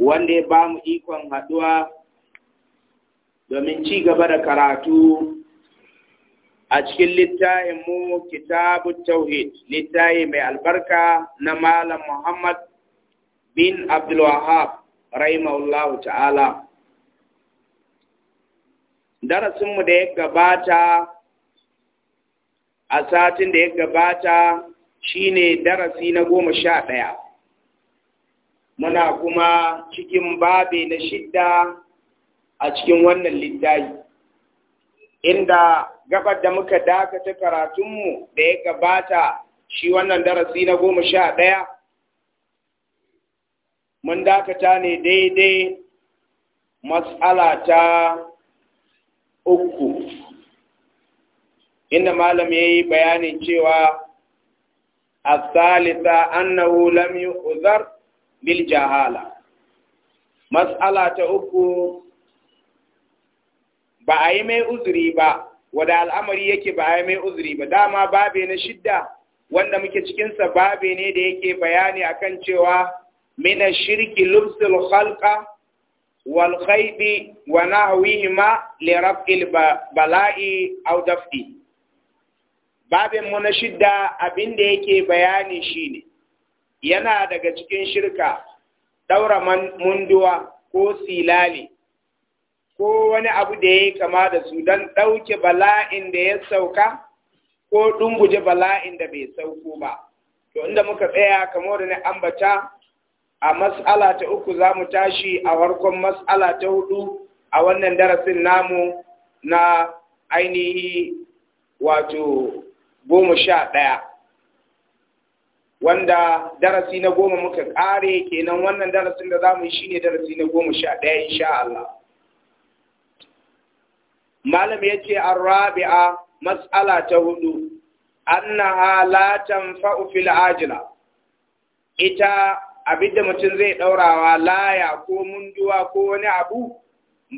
wanda ya ba mu ikon haɗuwa domin ci gaba da karatu a cikin littafinmu kitabu tauhid littafi mai albarka na malam muhammad bin abdulwahab ra'imallahu ta'ala darasinmu da ya gabata a satin da ya gabata shine darasi na goma sha ɗaya muna kuma cikin babe na shidda a cikin wannan littafi inda gabar da muka dakata karatunmu da ya gabata shi wannan darasi na goma sha ɗaya mun dakata ne daidai matsala ta uku inda malam ya yi bayanin cewa a salisa annahu lam yi uzar bil jahala mas'ala ta uku ba a yi mai uzuri ba wada al'amari yake ba a yi mai uzuri ba dama babe na shidda wanda muke cikinsa babe ne da yake bayani akan cewa mina shirki lubsul khalqa wal khaybi wa ma li raf'il bala'i aw daf'i babe mu na shidda abinda yake bayani shine yana daga cikin shirka ɗaura munduwa ko silali ko wani abu da ya yi kama da su don ɗauke bala'in da ya sauka ko ɗunguje bala'in da bai sauko ba. To inda muka tsaya kamar da na ambata a mas'ala ta uku za mu tashi a farkon mas'ala ta hudu a wannan darasin namu na ainihi wato goma sha ɗaya. wanda darasi na goma muka ƙare kenan wannan darasin da za mu yi shine darasi na goma sha ɗaya insha Allah. Malam ya ce an rabi'a matsala ta hudu, annaha la tanfa'u fil ajila. Ita abinda mutum zai ɗaurawa laya ko munduwa ko wani abu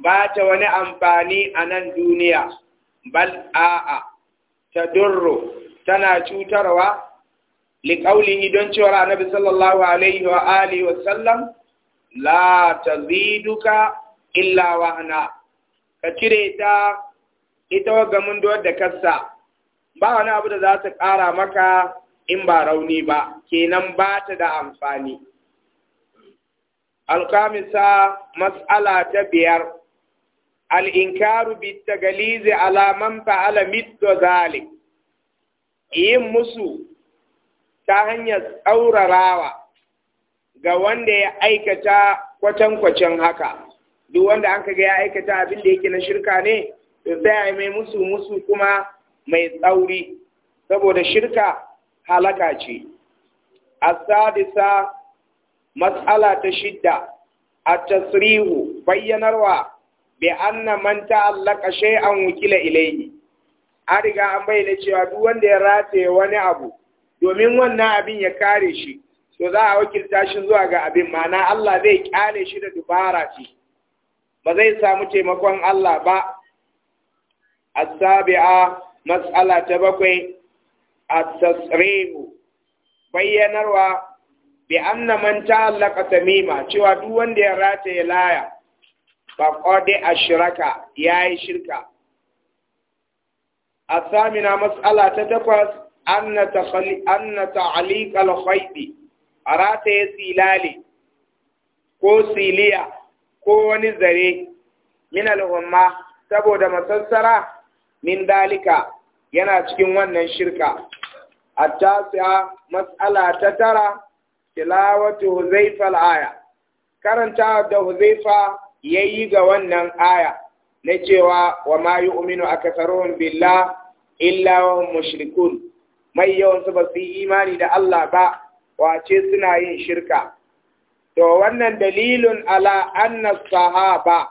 ba ta wani amfani a nan duniya, bal a'a, ta durro, tana cutarwa liƙaulihi don cewar annabi sallallahu alaihi wa alihi wa sallam la taziduka illa wahana ka cire ta ita wa gamin da kassa ba wani abu da za ta ƙara maka in ba rauni ba kenan ba ta da amfani alkamisa mas'ala ta biyar al'inkaru bi tagalizi alaman fa'ala mito zalik yin musu ta hanyar tsaurarawa ga wanda ya aikata kwatankwacen haka duk wanda an kaga ya aikata abin da yake na shirka ne to sai a mai musu musu kuma mai tsauri saboda shirka halaka ce A sadisa matsala ta shidda a tasrihu bayyanarwa bi anna man ta'allaka shay'an wukila ilayhi an riga an bayyana cewa duk wanda ya rataye wani abu domin wannan abin ya kare shi to za a wakilta shi zuwa ga abin mana Allah zai kyale shi da dubara ce ba zai samu taimakon Allah ba as-sabi'a mas'ala ta bakwai at-tasrihu bayyanarwa bi anna man ta'allaqa tamima cewa duk wanda ya rata ya laya ba qadi ashraka yayi shirka a samina mas'ala ta takwas an na ta a rataye ya silali ko siliya ko wani zare min alhumma saboda masassara min dalika yana cikin wannan shirka a ta siya matsala ta tara tilawatu huzaifa al'aya karanta da huzaifa ya yi ga wannan aya na cewa wa ma yi umini a kasarun billah illawa mashirikun mai yawansu ba su yi imani da Allah ba wace suna yin shirka to wannan dalilun ala anna sahaba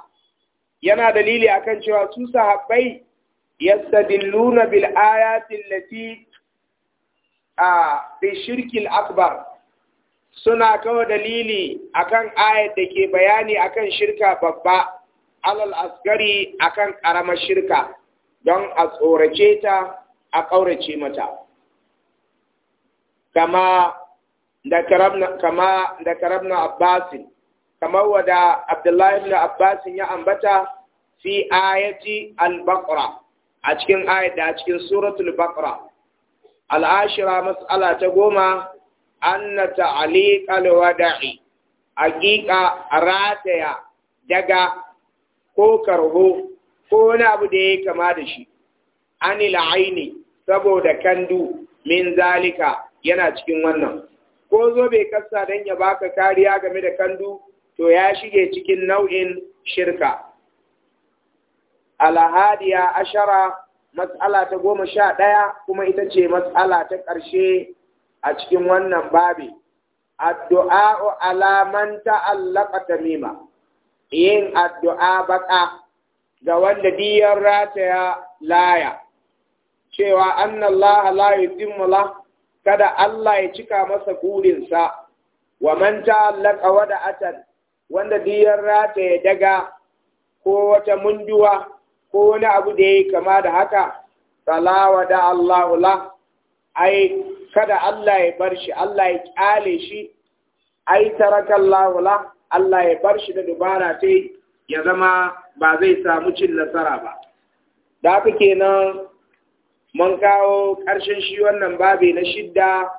yana dalili akan cewa su sahabbai yastadilluna bil ayati allati a fi shirkil akbar suna kawo dalili akan ayat da ke bayani akan shirka babba alal askari akan karamar shirka don a tsorace ta a ƙaurace mata kama da karabna abbasin kamar wada abdullahi ibn Abbasin ya ambata fi ayati al-baqara a cikin ayat da cikin suratul baqara alashira matsala ta goma anna ta'liq al-wada'i rataya daga ko karho ko wani abu da ya kama da shi anil aini saboda kandu min zalika yana cikin wannan ko zo bai kasa don ya baka kariya game da kandu to ya shige cikin nau'in shirka alhadiya ashara mas'ala ta goma sha ɗaya kuma ita ce mas'ala ta ƙarshe a cikin wannan babi addu'a alaman ta'allaka tamima yin addu'a baka ga wanda diyar rataya laya cewa annallaha la yutimmu lahu kada Allah ya cika masa gurinsa, wa man ta'allaka wada atan wanda diyar rata ya daga ko wata munduwa ko wani abu da yayi kama da haka salawa da Allahu la ai kada Allah ya bar shi Allah ya kyale shi ai taraka Allahu la Allah ya bar shi da dubara sai ya zama ba zai samu cin nasara ba da haka kenan mun kawo ƙarshen shi wannan babi na shidda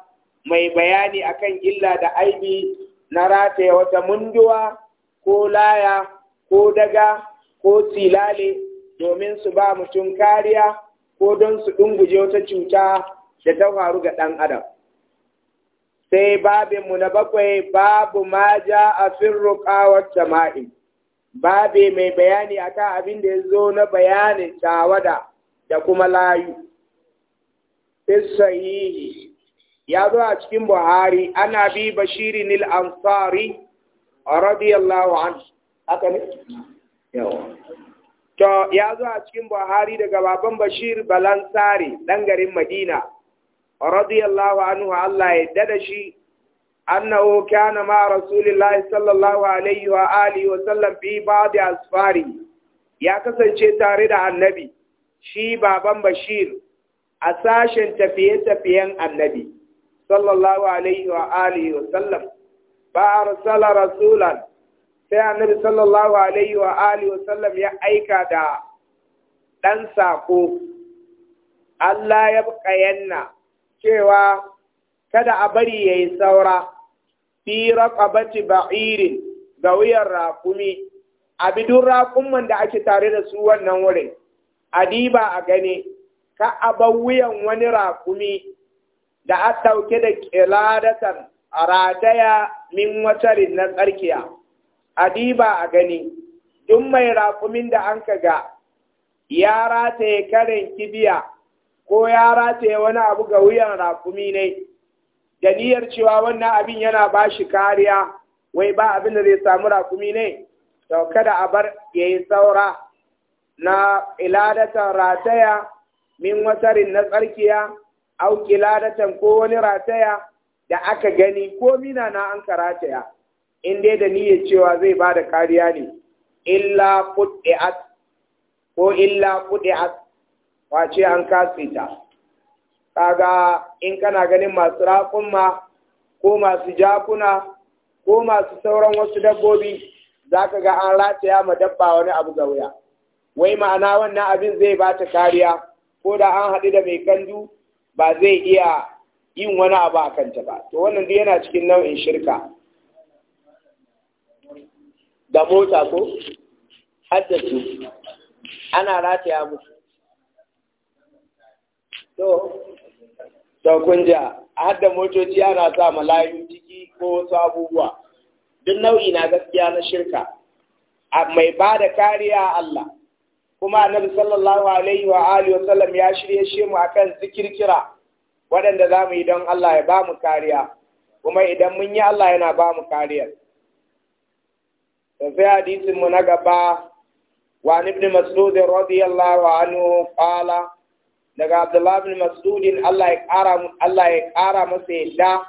mai bayani akan illa da aibi na rataya wata munduwa ko laya ko daga ko tilale domin su ba mutum kariya ko don su ɗunguje wata cuta da ta faru ga ɗan adam sai babinmu na bakwai babu ma ja a firruƙawar jama'in babe mai bayani akan abin da ya zo na bayanin tawada da kuma layu sahihi ya zo a cikin Buhari ana bi bashirin al-ansari radiyallahu an haka ne to ya zo a cikin Buhari daga baban Bashir Balansari dan garin Madina radiyallahu anhu Allah ya dada shi annahu kana ma rasulillahi sallallahu alaihi wa alihi wa sallam fi ba'd asfari ya kasance tare da annabi shi baban Bashir a sashen tafiye-tafiyen annabi sallallahu alaihi wa alihi wa sallam ba rasala rasulan sai annabi sallallahu alaihi wa alihi wa sallam ya aika da ɗan sako Allah ya bukayenna cewa kada a bari ya yi saura fi raqabati ba'irin ga wuyar raƙumi a bidun raƙumman da ake tare da su wannan wurin diba a gani ka abawuyan wuyan wani raƙumi da a ɗauke da ƙiladatan a rataya min watarin na tsarkiya, a diba a gani, duk mai raƙumin da an ka ga ya rataye karen kibiya ko ya rataye wani abu ga wuyan raƙumi ne, da niyyar cewa wannan abin yana ba shi kariya, wai ba abin da zai samu rakumi ne, to kada a bar ya yi saura na iladatan rataya min wasarin na tsarkiya au kiladatan ko wani rataya da aka gani ko mina na an karataya in dai da niyyar cewa zai ba da kariya ne illa qud'at ko illa qud'at wace an kasita. kaga in kana ganin masu raƙumma ko masu jakuna ko masu sauran wasu dabbobi za ka ga an rataya ma dabba wani abu ga wuya wai ma'ana wannan abin zai ba ta kariya ko da an haɗu da mai kanju ba zai iya yin wani abu a kanta ba to wannan duk yana cikin nau'in shirka da mota ko haddasu ana rataya musu to to a hadda motoci ana sa malayu ciki ko wasu abubuwa duk nau'i na gaskiya na shirka mai ba da kariya Allah kuma annabi sallallahu alaihi wa alihi wasallam ya shirye shi mu akan zikirkira waɗanda za mu yi don Allah ya ba mu kariya kuma idan mun yi Allah yana ba mu kariya sai hadisin mu na gaba wa ibn mas'ud radiyallahu anhu qala daga Abdullah ibn Mas'ud Allah ya ƙara Allah ya kara masa yadda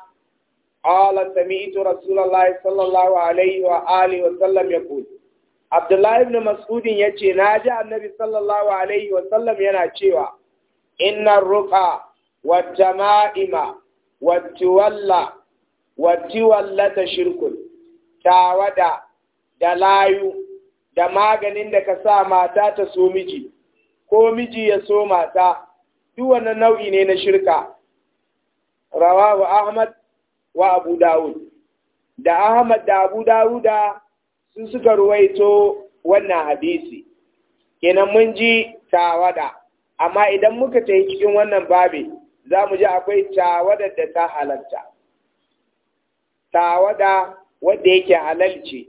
qala sami'tu rasulullahi sallallahu alaihi wa alihi وآله وسلم يقول Abdullahi ibn Mas'udin ya ce, Na ji annabi sallallahu Alaihi wasallam yana cewa, Inna ruka wata wa wata wallata shirkul, tawada da layu da maganin da ka sa mata ta so miji, ko miji ya so mata, duk wani nau'i ne na shirka. Rawahu Ahmad wa Abu Dawud. Da Ahmad da Abu da Sun suka ruwaito wannan hadisi kenan mun ji tawada amma idan muka ta yi cikin wannan babi za mu ji akwai tawada da ta halarta tawada wadda yake halalci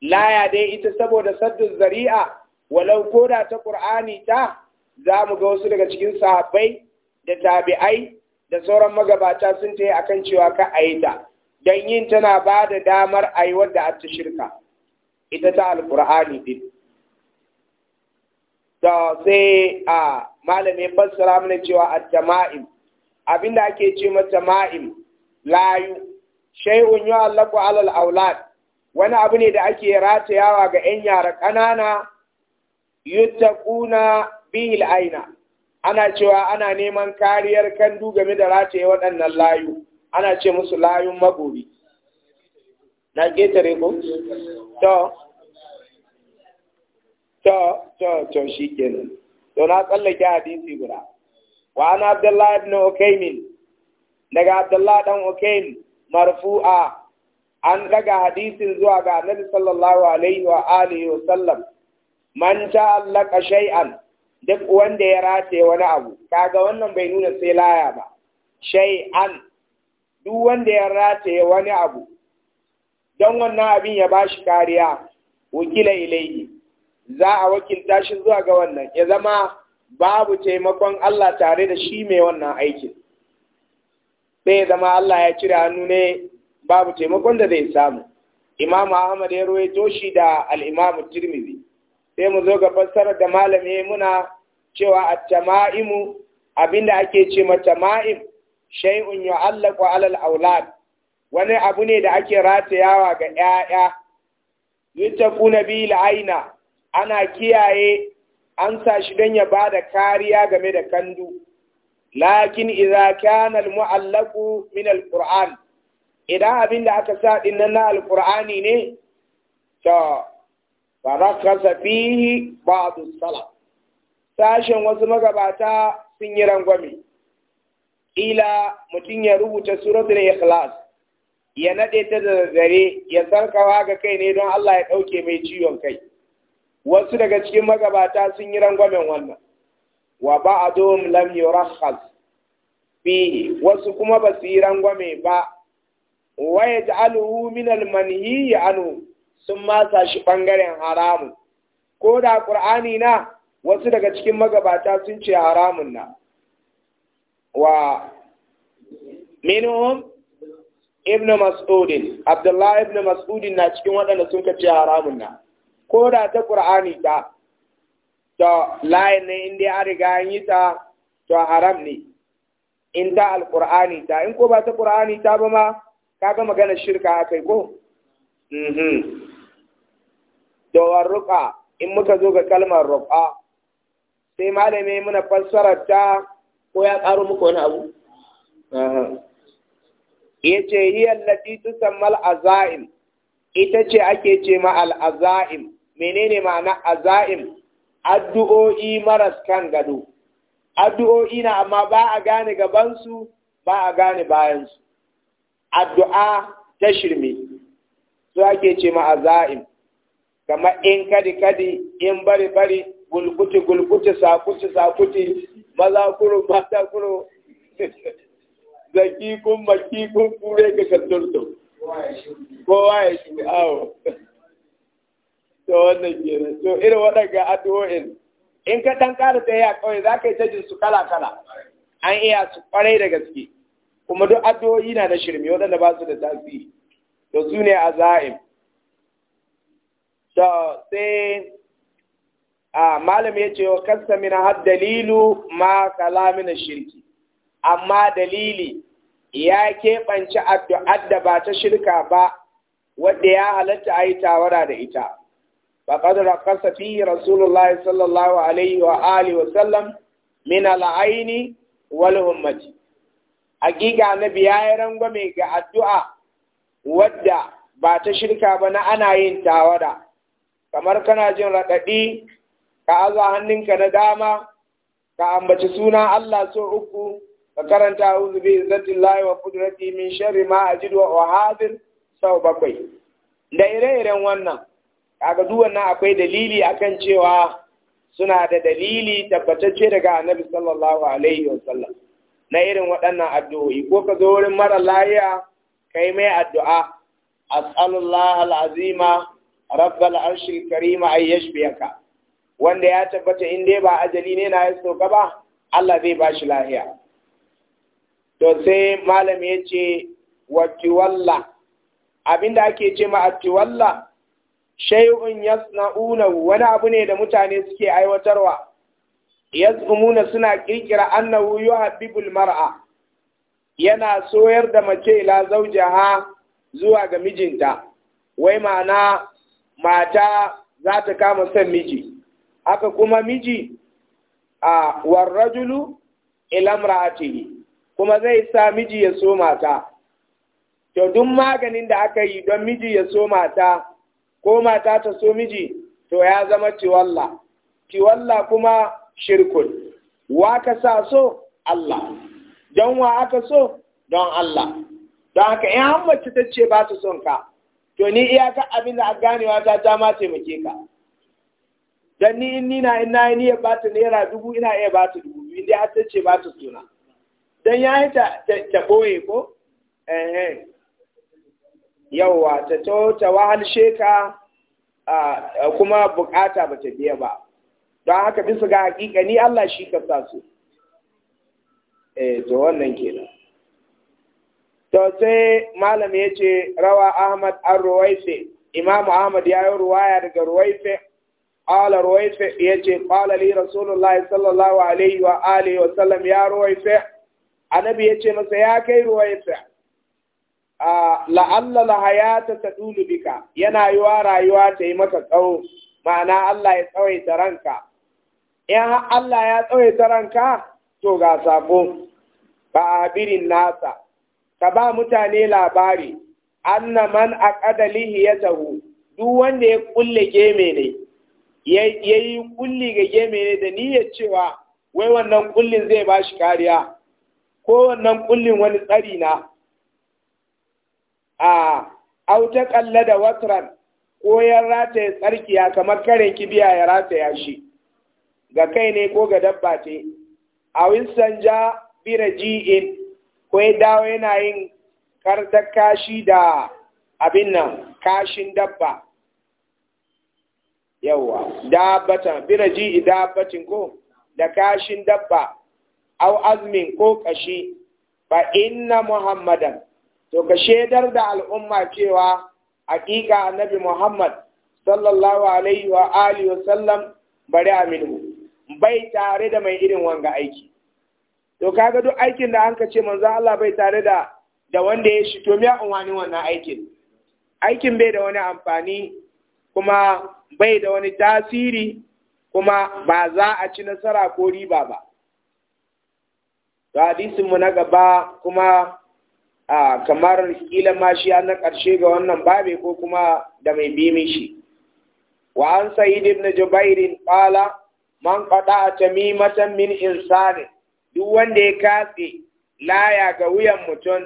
laya dai ita saboda saddun zari'a walau koda ta ƙur'ani ta za mu ga wasu daga cikin sahabbai da tabi'ai da sauran magabata sun ta yi akan cewa ka a yi ta don yin tana ba da damar aiwar da ta shirka ita ta alkur'ani din da sai a malamin fassara mana cewa a tama'im abinda ake ce ma tama'im layu shay'un yu'allaqu 'ala al-awlad wani abu ne da ake ratayawa ga 'yan yara ƙanana yuttaquna bil al-aina ana cewa ana neman kariyar kandu game da rataye waɗannan layu ana ce musu layun magori na ƙetare ko? to to to to shi kenan to na tsallake hadisi guda wa ana abdullahi ibn okaimin? daga abdullahi dan ukaim marfu'a an daga hadisin zuwa ga annabi sallallahu alaihi wa alihi wa sallam man ta'allaka shay'an duk wanda ya rataye wani abu kaga wannan bai nuna sai laya ba shay'an duk wanda ya rataye wani abu don wannan abin ya bashi kariya wakila ilaihi za a wakilta shi zuwa ga wannan ya zama babu taimakon Allah tare da shi mai wannan aikin sai ya zama Allah ya cire hannu ne babu taimakon da zai samu Imam Ahmad ya ruwaito shi da al-Imam Tirmidhi sai mu zo ga fassarar da malami muna cewa at-tama'imu abinda ake ce ma tama'im shay'un yu'allaqu 'ala al-awlad wani abu ne da ake ratayawa ga 'ya'ya yuttaquna bi al-aina ana kiyaye an sa shi don ya bada kariya game da kandu lakin idza kana al-mu'allaqu min al-qur'an idan abin da aka sa din nan na al-qur'ani ne to farakasa fihi ba'd as salat sashen wasu magabata sun yi rangwame ila mutum ya rubuta suratul ikhlas ya nade ta da gare ya sarkawa ga kai ne don Allah ya dauke mai ciwon kai wasu daga cikin magabata sun yi rangwamen wannan wa ba'dhum lam yurakhas fi wasu kuma ba su yi rangwame ba wa yaj'aluhu min al-manhi anhu sun masa shi ɓangaren haramu ko da qur'ani na wasu daga cikin magabata sun ce haramun na Wa ابن Ibn عبد الله Ibn مسعود na cikin waɗanda sun kace haramun na ko da ta qur'ani ta to layin ne inda an riga an yi ta to haram ne in ta alqur'ani ta in ko ba ta qur'ani ta ba ma kaga magana shirka akai ko mhm to warruqa in muka zo ga kalmar ruqa sai malami muna fassarar ta ko ya ƙaro muku wani abu ya ce yi allati tusammal azaim ita ce ake ce ma al'azaim menene ma'ana azaim addu'o'i maras kan gado addu'o'i na amma ba a gane gabansu ba a gane bayansu addu'a ta shirme su ake ce ma azaim kamar in kadi kadi in bari bari gulkuti gulkuti sakuti sakuti maza kuro mata kuro zaki kun maki kun kure ga kaddurto kowa ya shi awo to wannan kenan to irin waɗanda addu'o'in in ka dan ƙara yi a ƙauye za ka yi ta jin su kala kala an iya su kwarai da gaske kuma duk addu'o'i na da shirme waɗanda ba su da tasiri to su ne a za'im to sai a malam ya ce wa kasta min had dalilu ma kalamin shirki amma dalili ya keɓance addu'ar da ba ta shirka ba wadda ya halatta a yi tawara da ita faqad raqasa fihi rasulullah sallallahu alaihi wa alihi wa sallam min al wal ummati hakika biya ya rangwame ga addu'a wadda ba ta shirka ba na ana yin tawara kamar kana jin raɗaɗi ka aza hannunka na dama ka ambaci suna Allah so uku ka karanta a'udhu bi izzatillahi wa kudurati min sharri ma a jidwa wa hadir sau bakwai da ire-iren wannan kaga duk wannan akwai dalili akan cewa suna da dalili tabbatacce daga annabi sallallahu alaihi wa na irin waɗannan addu'o'i ko ka zo wurin mara lafiya kai mai addu'a as'alullah al'azima rabbal arshil karima ay yashbiyaka wanda ya tabbata in dai ba ajali ne na ya soka ba Allah zai ba shi lahiya to sai malam ya ce wa tiwalla abinda ake ce ma tiwalla shay'un yasna'una wani abu ne da mutane suke aiwatarwa yazumuna suna kirkira annahu yuhabbibul mar'a yana soyar da mace ila zaujaha zuwa ga mijinta wai ma'ana mata za ta kama son miji aka kuma miji a warrajulu ilamra'atihi kuma zai sa miji ya so mata to duk maganin da aka yi don miji ya so mata ko mata ta so miji to ya zama ciwalla ciwalla kuma shirkul. wa ka sa so Allah don wa aka so don Allah don haka in mace ta ce ba ta son ka to ni iyaka abin da a ganewa ta ta ma taimake ka dan ni in nina in nayi niyyar bata naira dubu ina iya bata dubu biyu inda har ce bata suna dan ya yi ta ta ko eh yawa ta to ta wahal sheka kuma bukata ba ta biya ba don haka bisa ga hakika ni Allah shi ka sa su eh to wannan kenan to sai malam ya ce rawa Ahmad an ruwaife Imam Ahmad ya yi ruwaya daga ruwaife قال رويفع يجي قال لي رسول الله صلى الله عليه وآله وسلم يا رويفع النبي بيجي مسا يا كي رويفع لعل الحياة تدول بك ينا يوا رايوا تي مكا تاو معنى الله يتوي ترانكا يا الله يا توي ترانكا to ga sako ba abirin nasa ka ba mutane labari anna man aqada lihiyatahu duk wanda ya kulle ya yi kulli ga geme ne da niyyar cewa wai wannan kullin zai ba shi kariya ko wannan kullin wani tsari na a auta kalla da watran ko ya rataya tsarkiya kamar karen kibiya ya rataya shi ga kai ne ko ga dabba ce a winston ja biraji'in ko ya dawo yana yin karta kashi da abin nan kashin dabba yawa dabbatan biraji dabbatin ko da kashin dabba au azmin ko kashi fa inna muhammadan to ka shedar da al'umma cewa hakika annabi muhammad sallallahu alaihi wa alihi wa sallam bari aminu bai tare da mai irin wanga aiki to kaga duk aikin da an ka ce manzo Allah bai tare da da wanda ya shi to me ya wannan aikin aikin bai da wani amfani kuma bai da wani tasiri kuma ba za a ci nasara ko riba ba mu na gaba kuma a kamar kila ma shi na ƙarshe ga wannan babe ko kuma da mai bimin shi wa an sa'id ibn jubairin qala man tami matan min insani duk wanda ya katse laya ga wuyan mutum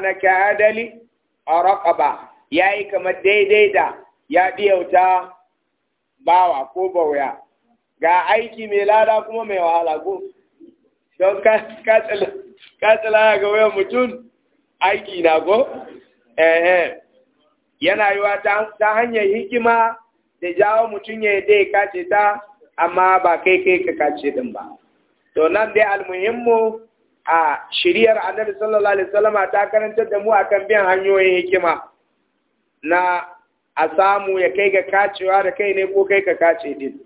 na ka adali a ya yi kamar daidai da ya ɗiyauta bawa ko bauya ga aiki mai lada kuma mai wahala ko don katsila ga wayan mutum aiki na ko yana yiwa ta hanyar hikima da jawo mutum ya dai kace ta amma ba kai kai ka kace din ba to nan dai almuhimmu a shiriyar annabi sallallahu alaihi wasallama ta karantar da mu akan biyan hanyoyin hikima na a samu ya kai ga kacewa da kai ne ko kai ka kace din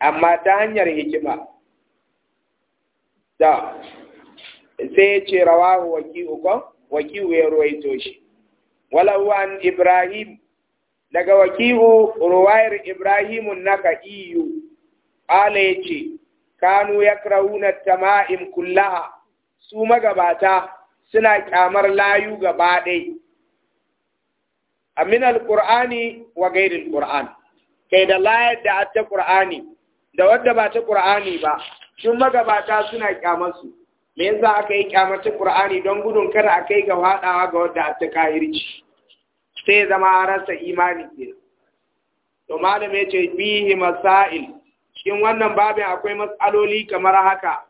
amma ta hanyar hikima da sai ya ce rawahu waki'u waki waki'u ya ruwaito shi walau an ibrahim daga waki'u ruwayar ibrahimun naka iyu ala ya ce kanu ya tama'im kullaha su magabata suna kyamar layu gaba ɗai min alqur'ani wa ghairi alqur'an kai da layar da ta qur'ani da wadda ba ta qur'ani ba Tun magabata suna kyamarsu me yasa aka yi ta qur'ani don gudun kada a kai ga hadawa ga wadda ta kahirci sai zama rasa imani ke to malam yace bihi masail cikin wannan babin akwai mas'aloli kamar haka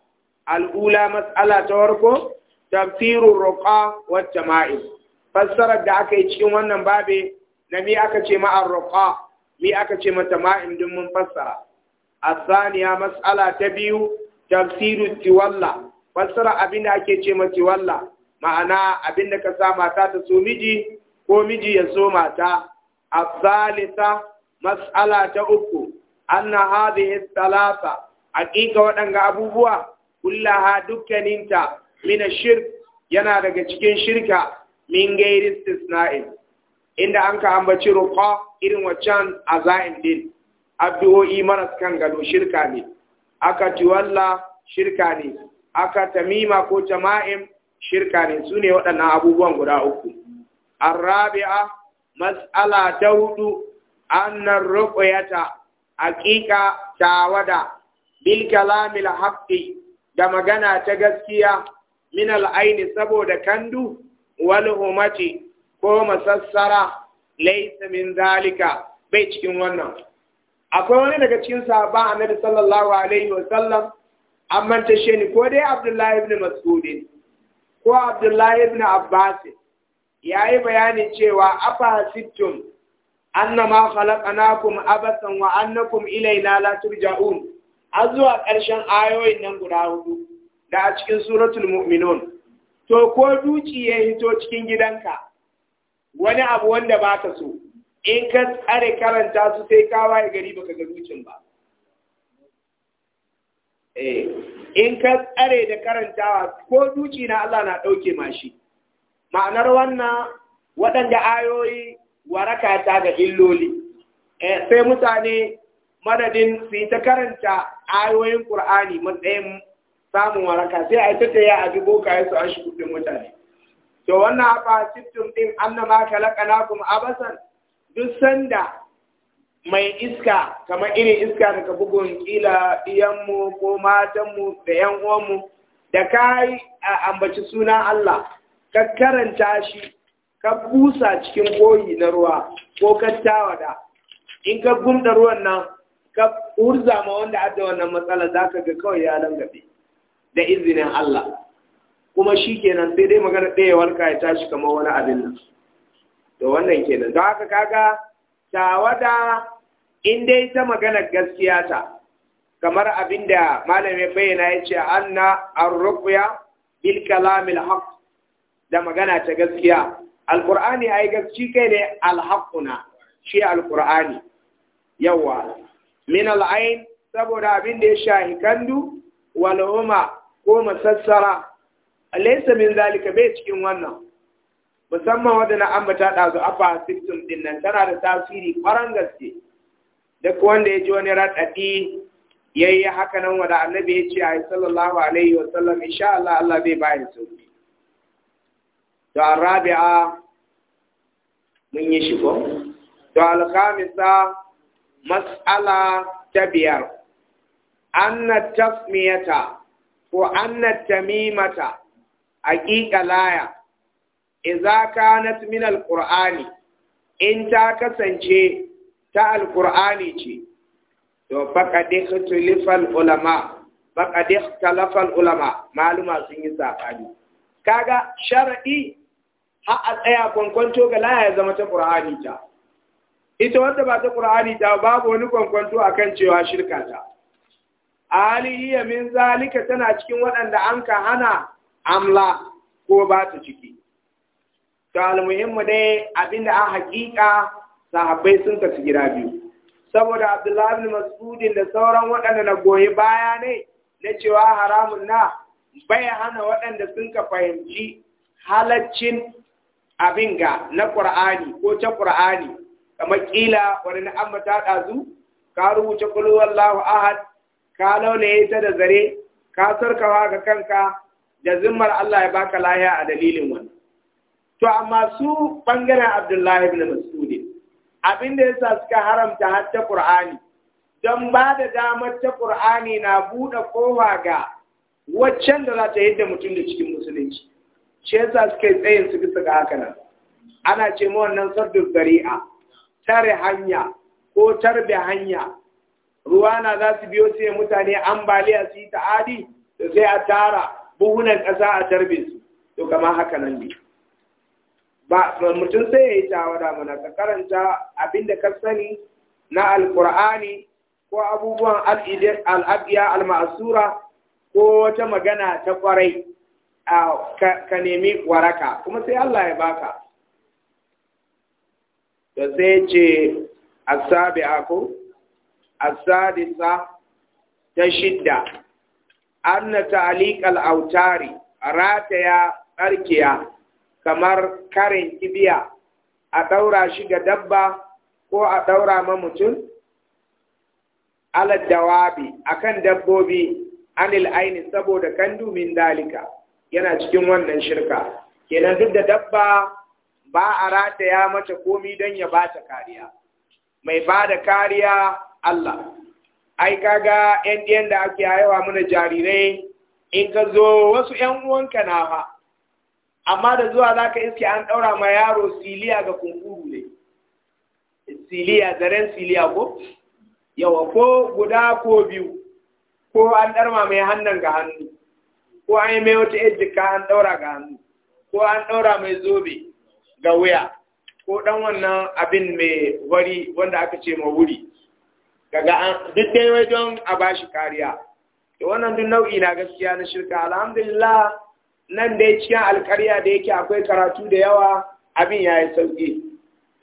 al'ula mas'ala ta farko tafsirur ruqa wat jama'il fassarar da aka yi cikin wannan babe na mi aka ce ma'ar roƙa mi aka ce mata ma'in din mun fassara asaniya mas'ala ta biyu tafsiru tiwalla fassara abin da ake ce ma tiwalla ma'ana abin da ka sa mata ta so miji ko miji ya so mata asalisa mas'ala ta uku anna hadhihi thalatha haƙiƙa waɗanga abubuwa kullaha dukkaninta mina shirk yana daga cikin shirka min gairi istisna'in inda an ka ambaci ruqa irin waccan azain din addu'o'i maras kan gado shirka ne aka tiwalla shirka ne aka tamima ko jama'im shirka ne sune waɗannan abubuwan guda uku arabi'a mas'ala ta hudu annar ruqyata haƙiƙa tawada bil kalamil haqqi da magana ta gaskiya min al saboda kandu wal ko masassara laysa min zalika bai cikin wannan akwai wani daga cikin sahaba annabi sallallahu alaihi wa sallam amma ta sheni ko dai abdullahi ibn mas'ud ko abdullahi ibn abbas yayi bayani cewa afa sittum annama khalaqnakum abathan wa annakum ilayna la turja'un azwa ƙarshen ayoyin nan guda hudu da a cikin suratul mu'minun to ko duci ya hito cikin gidanka wani abu wanda ba ka so in ka tsare karanta su sai ka waye gari baka ga ducin ba eh in ka tsare da karantawa ko duci na Allah na dauke mashi ma'anar wannan waɗanda ayoyi waraka ta ga illoli eh sai mutane madadin su ta karanta ayoyin Qur'ani matsayin samun waraka sai a ta taya a dubo kayan su an shi mutane to wannan afa sittum din annama khalaqnakum abasan duk sanda mai iska kamar irin iska daga bugun kila ɗiyanmu ko matanmu da ‘yan uwanmu da ka a ambaci suna Allah ka karanta shi ka busa cikin koyi na ruwa ko ka tawada in ka gumda ruwan nan ka hurza ma wanda adda wannan matsala za ka ga kawai ya langabe da izinin Allah kuma shi kenan sai dai magana ɗaya warka ya tashi kamar wani abin nan da wannan kenan don haka kaga tawada in dai ta magana gaskiya ta kamar abin da malamin bayyana ya ce anna ar-ruqya bil kalamil haq da magana ta gaskiya alqur'ani ai gaskiya kai ne al shi alqur'ani yawa min al'a'in saboda abin da ya shahi kandu wal huma ko masassara laisa min zalika bai cikin wannan musamman na ambata ɗazu afa system din nan tana da tasiri ƙwarar gaske duk wanda ya ji wani raɗaɗi yi haka nan wada annabi ya ce a yi, sallallahu alaihi wa sallam insha Allah Allah bai bayan sauki to a Rabi'a mun yi shi ko to alkhamisa mas'ala ta biyar anna tasmiyata ko annat tamimata haƙiƙa laya idza kanat min alqur'ani in ta kasance ta alqur'ani ce to faqad ikhtalafa ulama faqad ikhtalafa ulama maluma sun yi sabani kaga shar'i ha a tsaya kwankwanto ga laya ya zama ta qur'ani ta ita wanda ba ta qur'ani ta babu wani kwankwanto akan cewa shirka ta alihiya min zalika tana cikin waɗanda an ka hana amla ko ba ta ciki to muhimmu dai abinda a haƙiƙa sahabbai sun kasu gida biyu saboda abdullahi bin mas'udin da sauran waɗanda na goyi baya ne na cewa haramun na bai hana waɗanda sun ka fahimci halaccin abin ga na ƙur'ani ko ta ƙur'ani kamar ƙila wani na amma ta ɗazu ka rubuta wallahu ahad ka laulaye ta da zare ka sarkawa ga kanka da zimmar Allah ya baka lahiya a dalilin wani. to amma su bangaren Abdullahi ibn Mas'ud abin da yasa suka haramta har ta Qur'ani don ba da damar ta Qur'ani na buɗe kowa ga waccan da za ta yadda mutum da cikin musulunci shi yasa suka yi tsayin su bisa ga haka nan ana ce ma wannan sardu zari'a tare hanya ko tarbe hanya ruwa na za su biyo sai mutane ambaliya su yi ta'adi da sai a tara buhunan ƙasa a tarbe su to kama haka nan ne ba mutum sai ya yi shawara mana ka karanta abin da ka sani na alkur'ani ko abubuwan al'abiya alma'asura ko wata magana ta kwarai ka nemi waraka kuma sai Allah ya baka da sai ce asabi ako السادسة تشدة alikal autari الأوتار rataya tsarkiya kamar karin kibiya a ɗaura shi ga dabba ko a ɗaura ma mutum alad dawabi akan dabbobi anil aini saboda kandumin min dalika yana cikin wannan shirka kenan duk da dabba ba a rataya mata komi don ya ba ta kariya mai ba da kariya Allah ai kaga yan ɗiyan da ake haihuwa mana jarirai in ka zo wasu yan uwanka na fa amma da zuwa za ka iske an ɗaura ma yaro siliya ga kunkuru ne siliya zaren siliya ko yawa ko guda ko biyu ko an ɗarma mai hannun ga hannu ko an yi mai wata ejika an ɗaura ga hannu ko an ɗaura mai zobe ga wuya ko ɗan wannan abin mai wari wanda aka ce ma wuri kaga an duk dai wai don a bashi kariya to wannan duk nau'i na gaskiya na shirka alhamdulillah nan da yake cikin alkarya da yake akwai karatu da yawa abin ya yi sauƙi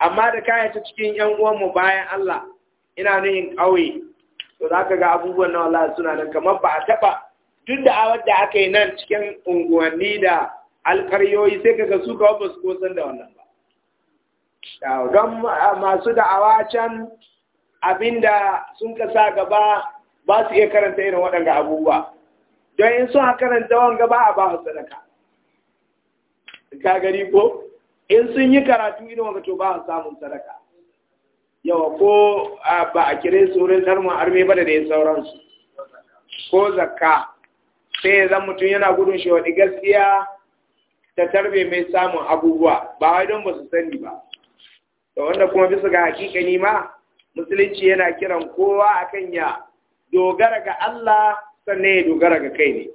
amma da kaya ta cikin yan uwanmu bayan Allah ina nuhin ƙauye to za ka ga abubuwan na Allah suna nan kamar ba a taɓa duk da awar da aka yi nan cikin unguwanni da alkaryoyi sai ka ga su ka ba su kosan da wannan ba don masu da'awa can abinda sun ka gaba ba su iya karanta irin waɗanda abubuwa don in sun karanta wani gaba a ba su sadaka ka gari ko in sun yi karatu irin wani to ba su samun sadaka yawa ko ba a kire su wurin tarmon arme ba da dai sauransu ko zakka sai ya zan mutum yana gudun shi wani gaskiya ta tarbe mai samun abubuwa ba wai don ba su sani ba da wanda kuma bisa ga hakika ni ma musulunci yana kiran kowa a kan ya dogara ga Allah sannan ya dogara ga kai ne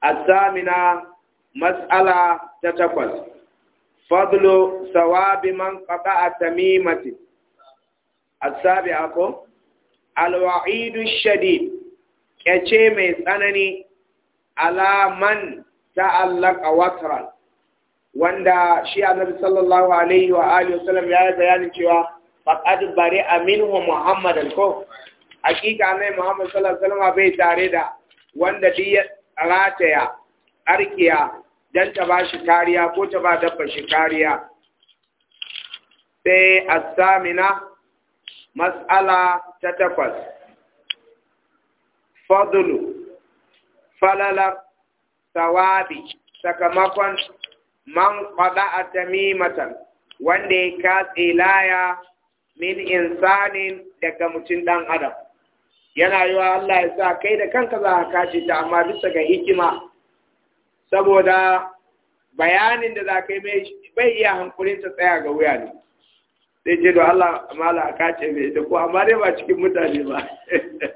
asamina matsala ta takwas fadlo sawabi man A tamimati asabi'a ako, alwa'idu shadi kyace mai tsanani alaman ta a watran wanda shi annabi sallallahu alaihi wa alihi wasallam ya yi bayanin cewa faqad bari aminhu muhammad alko hakika ne muhammad sallallahu alaihi wasallam bai tare da wanda duk ya rataya arkiya dan ta bashi kariya ko ta ba dabba shi kariya sai asamina mas'ala ta takwas fadlu falala sawabi sakamakon man qada'a tamimatan wanda ya katse laya min insanin daga mutum dan adam yana yiwa Allah ya sa kai da kanka za ka kashe ta amma bisa ga hikima saboda bayanin da za ka yi bai iya hankulin ta tsaya ga wuya ne sai ce da Allah mala a kace mai ita ko amma dai ba cikin mutane ba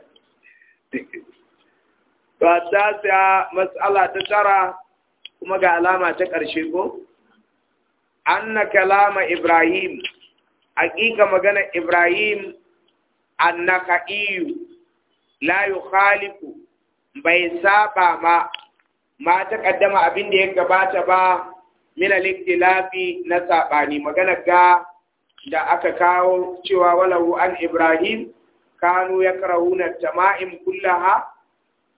Ba ta sa mas'ala ta tara kuma ga alama ta ƙarshe ko An anna kalama ibrahim haƙiƙa magana ibrahim annaka iyu la bai saba ma ma ta kaddama abin da ya gabata ba min al-ikhtilafi na saɓani magana ga da aka kawo cewa walahu an ibrahim kanu yakrahuna tama'im kullaha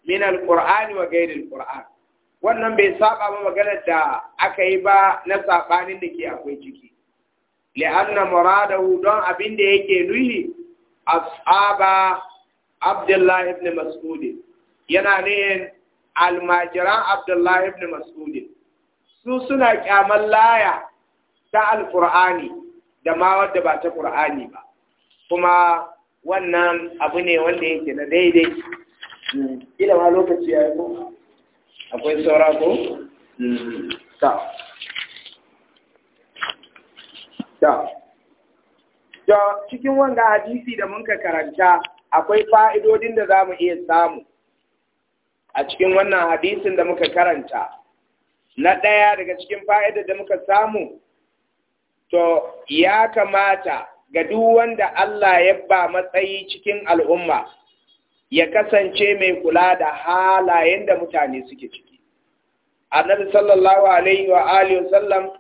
min al-qur'ani wa ghairi al-qur'an wannan bai saba ba maganar da aka yi ba na sabanin da ke akwai ciki li'anna muradahu don abin da yake nuhi ashaba abdullahi ibn mas'ud yana ne almajiran abdullahi ibn mas'ud su suna kyaman laya ta alqur'ani da ma wadda ba ta qur'ani ba kuma wannan abu ne wanda yake na daidai ila ma lokaci ya yi akwai saura ko? ta ta da cikin wanda hadisi da mun ka karanta akwai fa'idodin da za mu iya samu a cikin wannan hadisin da muka karanta na ɗaya daga cikin fa'ida da muka samu to ya kamata ga duk wanda Allah ya ba matsayi cikin al'umma ya kasance mai kula da halayen da mutane suke ciki annabi sallallahu alaihi wa alihi sallam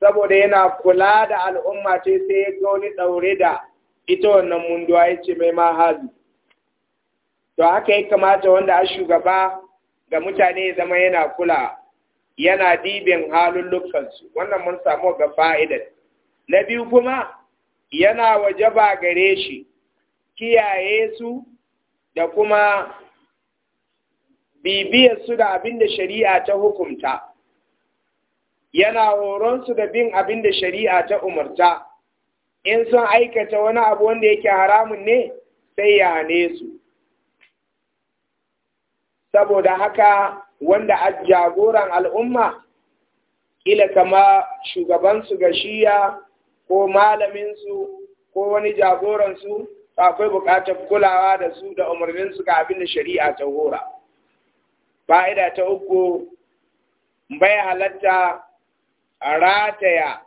saboda yana kula da al'umma ce sai ya ga wani daure da ita wannan munduwa ya ce mai mahazi to haka ya kamata wanda a shugaba ga mutane ya zama yana kula yana dibin halin lukansu wannan mun samu ga fa'idar na biyu kuma yana wajaba gare shi kiyaye su da kuma bibiyar su da abin da shari'a ta hukumta yana horonsu su da bin abin da shari'a ta umarta in sun aikata wani abu wanda yake haramun ne sai ya hane su saboda haka wanda a jagoran al'umma kila kama shugabansu ga shiya ko malaminsu ko wani jagoransu akwai buƙatar kulawa da su da umarninsu su ga abin da shari'a ta hora fa'ida ta uku bai halatta a rataya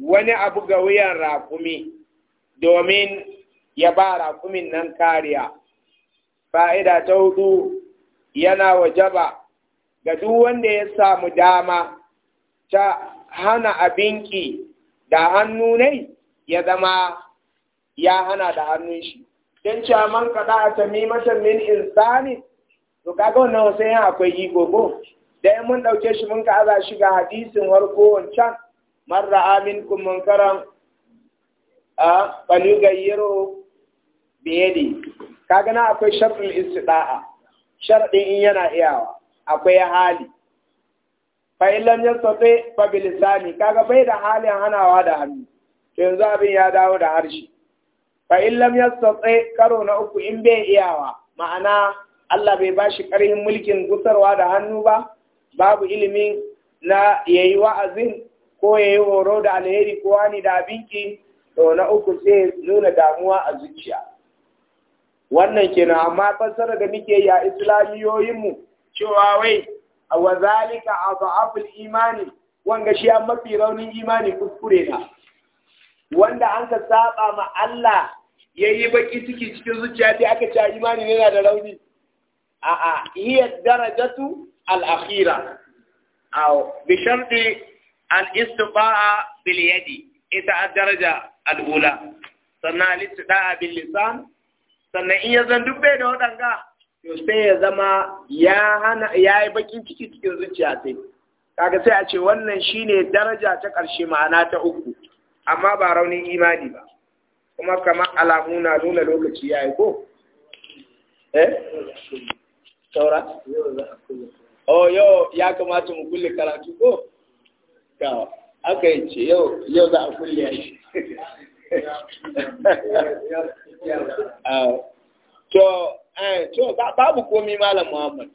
wani abu ga wuyan raƙumi domin ya ba raƙumin nan kariya fa'ida ta hudu yana wajaba ga duk wanda ya samu dama ta hana abinki da hannu ne ya zama ya hana da hannun shi don cewa man kada a mata min insani to kaga wannan wasu yin akwai igogo da da mun ɗauke shi mun ka aza shi ga hadisin warko wancan man ra'a minkum karan a falyugayyiru bi kaga na akwai shartul istida'a sharadin in yana iyawa akwai hali fa'ilan illam yastati fabilisani kaga bai da halin hanawa da hannu to yanzu abin ya dawo da harshe fa in lam yastati karo na uku in bai iyawa ma'ana Allah bai bashi karhin mulkin gusarwa da hannu ba babu ilimin na yayi wa'azin ko yayi horo da alheri ko wani da abinki to na uku sai nuna damuwa a zuciya wannan kenan amma fassara da muke yi a mu cewa wai wa zalika imani wanga shi an mafi raunin imani kuskure na wanda an ka saba ma Allah ya yi baki ciki cikin zuciya sai aka ce imani yana da rauni a'a hiya darajatu al-akhira aw bi sharti al-istifa'a bil yadi ita daraja al-ula sannan al a bil lisan sannan in ya zan dubbe da wadanga to sai ya zama ya hana ya yi bakin ciki cikin zuciya sai kaga sai a ce wannan shine daraja ta ƙarshe ma'ana ta uku amma ba raunin imani ba kuma kamar alamu na nuna lokaci ya yi ko eh saura oh yau ya kamata mu kulle karatu ko ga aka yi ce yau yau za a kulle ya shi ah. to eh to babu komi malam muhammad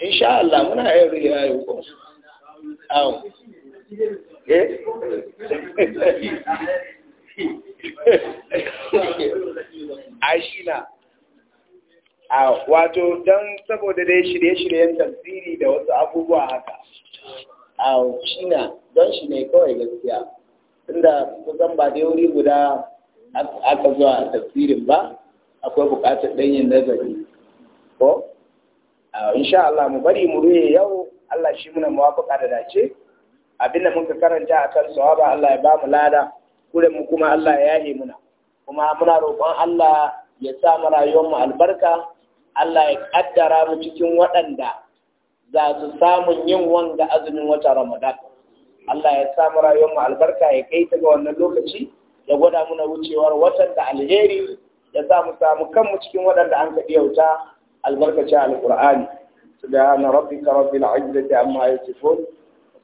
insha Allah muna yin riyayo ko Eh? a a wato don saboda dai shirye-shiryen tafsiri da wasu abubuwa haka a shina na don shi ne kawai gaskiya tunda kusan ba dai wuri guda aka zuwa tafsirin ba akwai bukatar ɗanyen nazari ko insha Allah mu bari mu ruye yau Allah shi muna muwafaka da dace abinda muka karanta a kan sawaba Allah ya ba mu lada kuren mu kuma Allah ya yaye muna kuma muna roƙon Allah ya sa mu rayuwar mu albarka Allah ya kaddara mu cikin waɗanda za su samu yin wanga azumin wata Ramadan Allah ya sa mu rayuwar mu albarka ya kai ta ga wannan lokaci ya gwada muna wucewar watan da alheri ya sa mu samu kanmu cikin waɗanda an kaɗi yauta albarkacin alƙur'ani subhana rabbika rabbil izzati amma yasifun